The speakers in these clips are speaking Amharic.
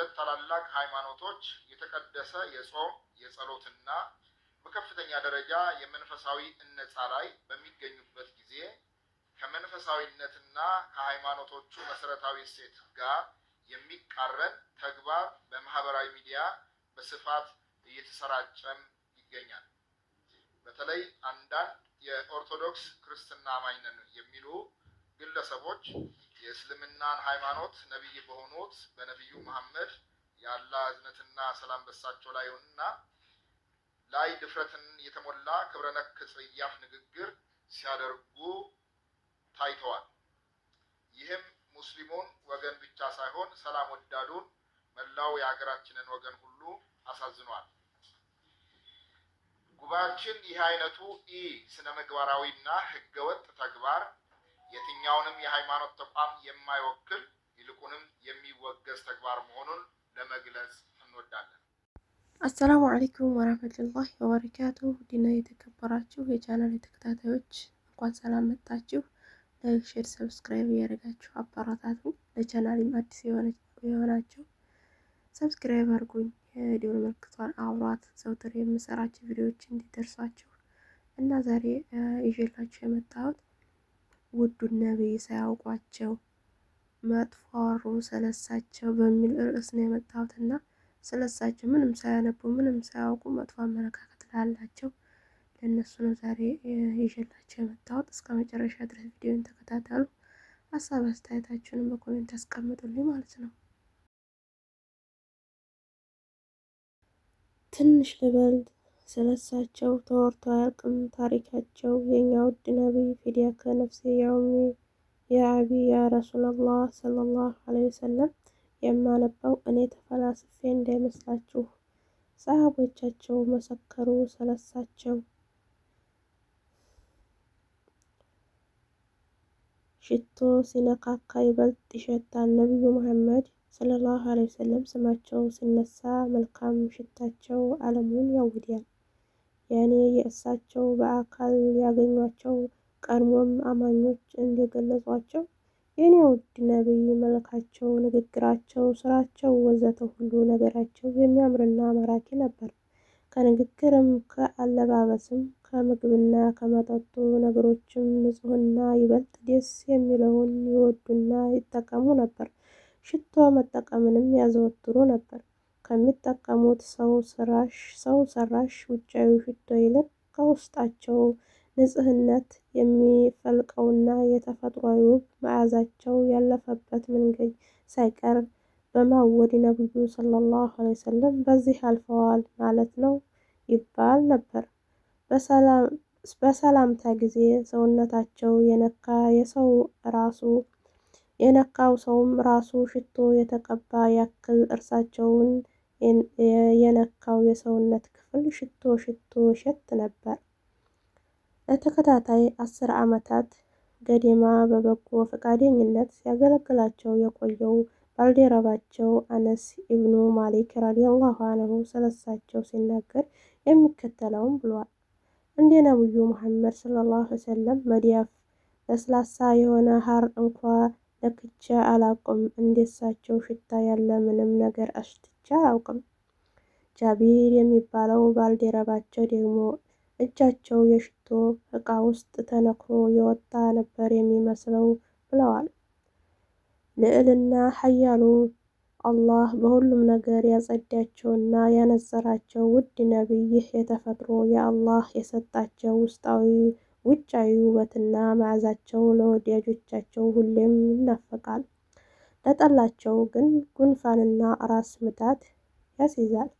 በሁለት ታላላቅ ሃይማኖቶች የተቀደሰ የጾም የጸሎትና በከፍተኛ ደረጃ የመንፈሳዊ እነጻ ላይ በሚገኙበት ጊዜ ከመንፈሳዊነትና ከሃይማኖቶቹ መሰረታዊ እሴት ጋር የሚቃረን ተግባር በማህበራዊ ሚዲያ በስፋት እየተሰራጨም ይገኛል። በተለይ አንዳንድ የኦርቶዶክስ ክርስትና አማኝ ነን የሚሉ ግለሰቦች የእስልምናን ሃይማኖት ነቢይ በሆኑት በነቢዩ መሐመድ የአላህ እዝነትና ሰላም በሳቸው ላይ ይሁንና ላይ ድፍረትን የተሞላ ክብረ ነክ ጽያፍ ንግግር ሲያደርጉ ታይተዋል። ይህም ሙስሊሙን ወገን ብቻ ሳይሆን ሰላም ወዳዱን መላው የሀገራችንን ወገን ሁሉ አሳዝኗል። ጉባኤያችን ይህ አይነቱ ኢ ስነ ምግባራዊና ህገወጥ ተግባር የትኛውንም የሃይማኖት ተቋም የማይወክል ይልቁንም የሚወገዝ ተግባር መሆኑን ለመግለጽ እንወዳለን። አሰላሙ አለይኩም ወረህመቱላሂ ወበረካቱ። ውድና የተከበራችሁ የቻናል ተከታታዮች እንኳን ሰላም መጣችሁ። ላይክ፣ ሼር፣ ሰብስክራይብ እያደረጋችሁ አበረታቱ። ለቻናልም አዲስ የሆናችሁ ሰብስክራይብ አድርጉኝ። የደወል ምልክቷን አብሯት ዘውትር የምሰራቸው ቪዲዮዎች እንዲደርሷችሁ እና ዛሬ ይዤላችሁ የመጣሁት ውዱን ነቢይ ሳያውቋቸው መጥፎ አወሩ ስለሳቸው በሚል ርዕስ ነው የመጣሁትና ስለሳቸው ምንም ሳያነቡ ምንም ሳያውቁ መጥፎ አመለካከት ላላቸው ለእነሱ ነው ዛሬ ይዤላቸው የመጣሁት። እስከ መጨረሻ ድረስ ቪዲዮን ተከታተሉ። ሀሳብ አስተያየታችሁንም በኮሜንት አስቀምጡልኝ ማለት ነው። ትንሽ ልበል ስለሳቸው ተወርቶ አያልቅም ታሪካቸው። የእኛ ውድ ነቢይ ፊዲያ ከነፍሴ ያውሚ የአቢ ያ ረሱላላህ ሰለላሁ ወሰለም የማነባው እኔ ተፈላስፌ እንዳይመስላችሁ። ሰሃቦቻቸው መሰከሩ ስለሳቸው። ሽቶ ሲነካካ ይበልጥ ይሸታል። ነቢዩ መሐመድ ሰለላሁ አለ ወሰለም ስማቸው ሲነሳ መልካም ሽታቸው ዓለሙን ያውዳል። ያኔ የእሳቸው በአካል ያገኟቸው ቀድሞም አማኞች እንደገለጿቸው የኔ ውድ ነቢይ መልካቸው፣ ንግግራቸው፣ ስራቸው፣ ወዘተ ሁሉ ነገራቸው የሚያምርና ማራኪ ነበር። ከንግግርም ከአለባበስም ከምግብና ከመጠጡ ነገሮችም ንጹህና ይበልጥ ደስ የሚለውን ይወዱና ይጠቀሙ ነበር። ሽቶ መጠቀምንም ያዘወትሩ ነበር። ከሚጠቀሙት ሰው ሰራሽ ውጫዊ ሽቶ ይልቅ ከውስጣቸው ንጽህነት የሚፈልቀውና የተፈጥሯዊ ውብ መዓዛቸው ያለፈበት መንገድ ሳይቀር በማወድ ነቢዩ ሰለላሁ ዐለይሂ ወሰለም በዚህ አልፈዋል ማለት ነው ይባል ነበር። በሰላምታ ጊዜ ሰውነታቸው የነካ የሰው ራሱ የነካው ሰውም ራሱ ሽቶ የተቀባ ያክል እርሳቸውን የነካው የሰውነት ክፍል ሽቶ ሽቶ ሸት ነበር። ለተከታታይ አስር ዓመታት ገደማ በበጎ ፈቃደኝነት ሲያገለግላቸው የቆየው ባልደረባቸው አነስ ኢብኑ ማሊክ ረዲየላሁ አንሁ ስለሳቸው ሲናገር የሚከተለውም ብሏል። እንደ ነብዩ መሐመድ ሰለላሁ ዐለይሂ ወሰለም መዳፍ ለስላሳ የሆነ ሐር እንኳ ለክቼ አላውቅም። እንደሳቸው ሽታ ያለ ምንም ነገር አሽትቼ አላውቅም። ጃቢር የሚባለው ባልደረባቸው ደግሞ እጃቸው የሽቶ እቃ ውስጥ ተነክሮ የወጣ ነበር የሚመስለው ብለዋል። ልዕልና ሀያሉ አላህ በሁሉም ነገር ያጸዳቸውና ያነጸራቸው ውድ ነቢይ ይህ የተፈጥሮ የአላህ የሰጣቸው ውስጣዊ ውጫዊ ውበትና መዓዛቸው ለወዳጆቻቸው ሁሌም ይናፈቃል። ለጠላቸው ግን ጉንፋንና ራስ ምታት ያስይዛል።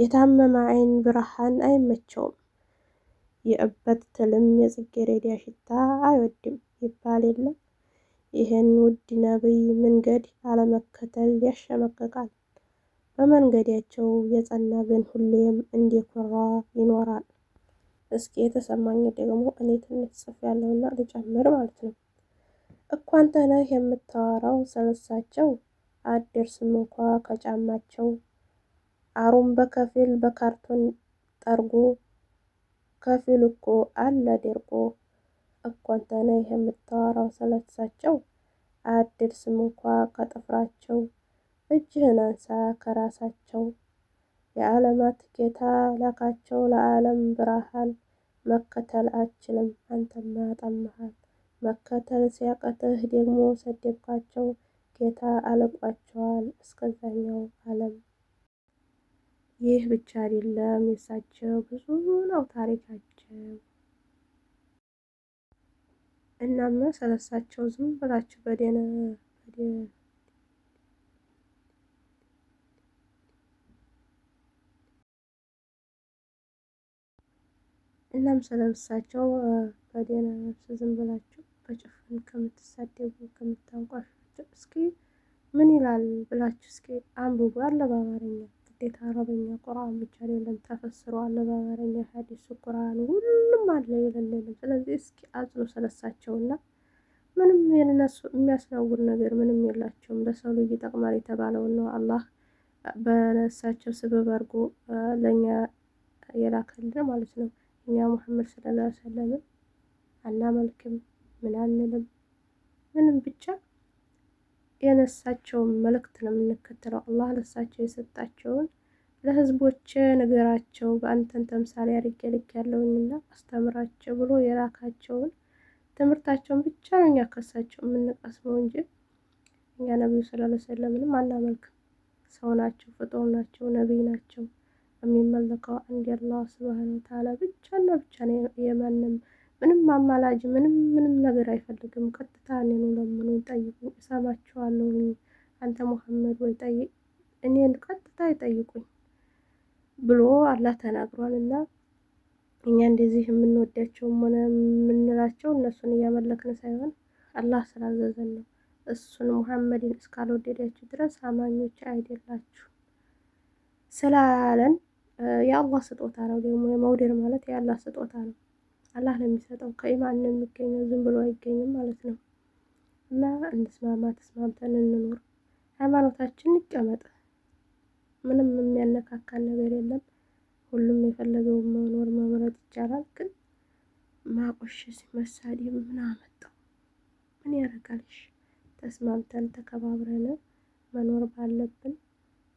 የታመመ ዓይን ብርሃን አይመቸውም። የእበት ትልም የጽጌረዳ ሽታ አይወድም ይባል የለም። ይህን ውድ ነቢይ መንገድ አለመከተል ያሸመቅቃል። በመንገዳቸው የጸና ግን ሁሌም እንዲኮራ ይኖራል። እስኪ የተሰማኝ ደግሞ እኔ ትንሽ ጽፍ ያለውና ልጨምር ማለት ነው። እኳንተ ነህ የምታወራው ስለሳቸው አደርስም እንኳ ከጫማቸው አሩም በከፊል በካርቶን ጠርጎ ከፊል እኮ አለ ደርቆ እኳንተ ነህ የምታወራው ስለሳቸው አደርስም እንኳ ከጥፍራቸው እጅህን አንሳ ከራሳቸው የዓለማት ጌታ ላካቸው ለዓለም ብርሃን መከተል አችልም አንተማ ጠመሃል። መከተል ሲያቀትህ ደግሞ ሰደብካቸው ጌታ አለቋቸዋል እስከዛኛው ዓለም። ይህ ብቻ አይደለም የሳቸው ብዙ ነው ታሪካቸው። እናማ ስለሳቸው ዝም ብላችሁ በደነ እናም ስለምሳቸው በደህና ነፍስ ዝም ብላችሁ በጭፍን ከምትሳደቡ ከምታንቋሻቸው እስኪ ምን ይላል ብላችሁ እስኪ አንብቡ። አለ በአማርኛ ግዴታ አረበኛ ቁርአን ብቻ ሌለም ተፈስሮ አለ በአማርኛ ሐዲሱ ቁርአን ሁሉም አለ የለለንም። ስለዚህ እስኪ አጽኑ ስለሳቸውና ምንም የነሱ የሚያስነውር ነገር ምንም የላቸውም። ለሰው ልጅ ይጠቅማል የተባለውን ነው አላህ በነሳቸው ስበብ አድርጎ ለእኛ የላከልን ማለት ነው። እኛ ሙሐመድ ሰለላሁ ዐለይሂ ወሰለም አናመልክም፣ ምን አንልም፣ ምንም ብቻ የነሳቸውን መልእክት ነው የምንከተለው። አላህ ለሳቸው የሰጣቸውን ለህዝቦች ነገራቸው በአንተን ተምሳሌ አድርጌ ልክ ያለውንና አስተምራቸው ብሎ የላካቸውን ትምህርታቸውን ብቻ ነው እኛ ከሳቸው የምንቀስመው እንጂ እኛ ነቢዩ ሰለላሁ ዐለይሂ ወሰለምንም አናመልክም። ሰው ናቸው፣ ፍጡር ናቸው፣ ነቢይ ናቸው። የሚመለከው አንድ አላህ ስብሃነ ወተዓላ እና ብቻ ነው። የማንም ምንም አማላጅ ምንም ምንም ነገር አይፈልግም። ቀጥታ እኔን ለምኑ፣ ጠይቁኝ፣ እሰማችኋለሁ። አንተ ሙሐመድ ወይ ጠይቅ፣ እኔን ቀጥታ ይጠይቁኝ ብሎ አላህ ተናግሯል። እና እኛ እንደዚህ የምንወዳቸውም ሆነ የምንላቸው እነሱን እያመለክን ሳይሆን አላህ ስላዘዘን ነው። እሱን ሙሐመድን እስካልወደዳችሁ ድረስ አማኞች አይደላችሁ ስላለን የአላህ ስጦታ ነው። ደግሞ መውደድ ማለት የአላህ ስጦታ ነው። አላህ ነው የሚሰጠው። ከኢማን ነው የሚገኘው፣ ዝም ብሎ አይገኝም ማለት ነው። እና እንስማማ፣ ተስማምተን እንኖር፣ ሃይማኖታችን ይቀመጥ። ምንም የሚያነካካን ነገር የለም። ሁሉም የፈለገውን መኖር መምረጥ ይቻላል። ግን ማቆሸሽ መሳደብ ምን አመጣው? ምን ያደርጋልሽ? ተስማምተን ተከባብረን መኖር ባለብን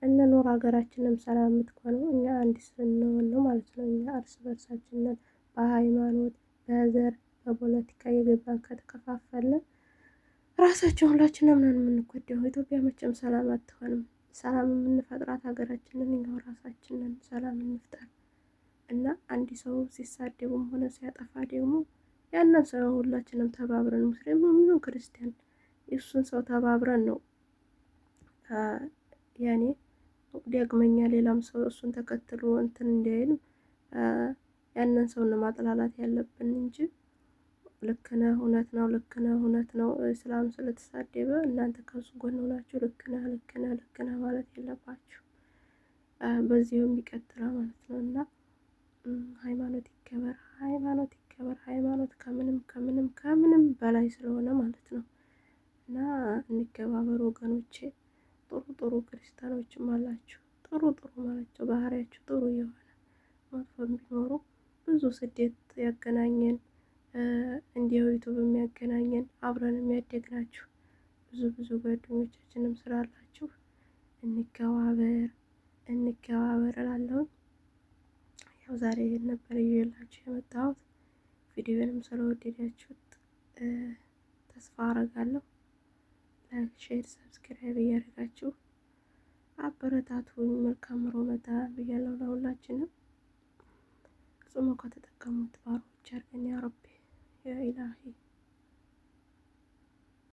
እነኖር ሀገራችንም ሰላም የምትሆነው እኛ አንድ ስንሆን ነው ማለት ነው። እኛ እርስ በርሳችንን በሃይማኖት፣ በዘር፣ በፖለቲካ የገባን ከተከፋፈልን ራሳችን ሁላችንም ነን የምንጎዳው። ኢትዮጵያ መቼም ሰላም አትሆንም። ሰላም የምንፈጥራት ሀገራችንን እኛው ራሳችንን ሰላም እንፍጠር እና አንድ ሰው ሲሳደቡም ሆነ ሲያጠፋ ደግሞ ያንን ሰው ሁላችንም ተባብረን ሙስሊም የሚሆን ክርስቲያን የእሱን ሰው ተባብረን ነው ያኔ ዳግመኛ ሌላም ሰው እሱን ተከትሎ እንትን እንዲያይል ያንን ሰውን ማጥላላት ያለብን እንጂ ልክ ነህ፣ እውነት ነው፣ ልክ ነህ፣ እውነት ነው። እስላም ስለተሳደበ እናንተ ከሱ ጎን ሆናችሁ ልክ ነህ፣ ልክ ነህ፣ ልክ ነህ ማለት የለባችሁ። በዚህም ይቀጥላል ማለት ነው እና ሃይማኖት ይከበር፣ ሃይማኖት ይከበር። ሃይማኖት ከምንም ከምንም ከምንም በላይ ስለሆነ ማለት ነው እና እንከባበር ወገኖቼ። ስደት ያገናኘን እንዲሁ ዩቱብ የሚያገናኘን አብረን የሚያደግናችሁ ብዙ ብዙ ጓደኞቻችንም ስላላችሁ እንከባበር እንከባበር እላለሁኝ። ያው ዛሬ ይሄን ነበር ይዤላችሁ የመጣሁት። ቪዲዮንም ስለወደዳችሁት ተስፋ አረጋለሁ። ላይክ፣ ሼር፣ ሰብስክራይብ እያደረጋችሁ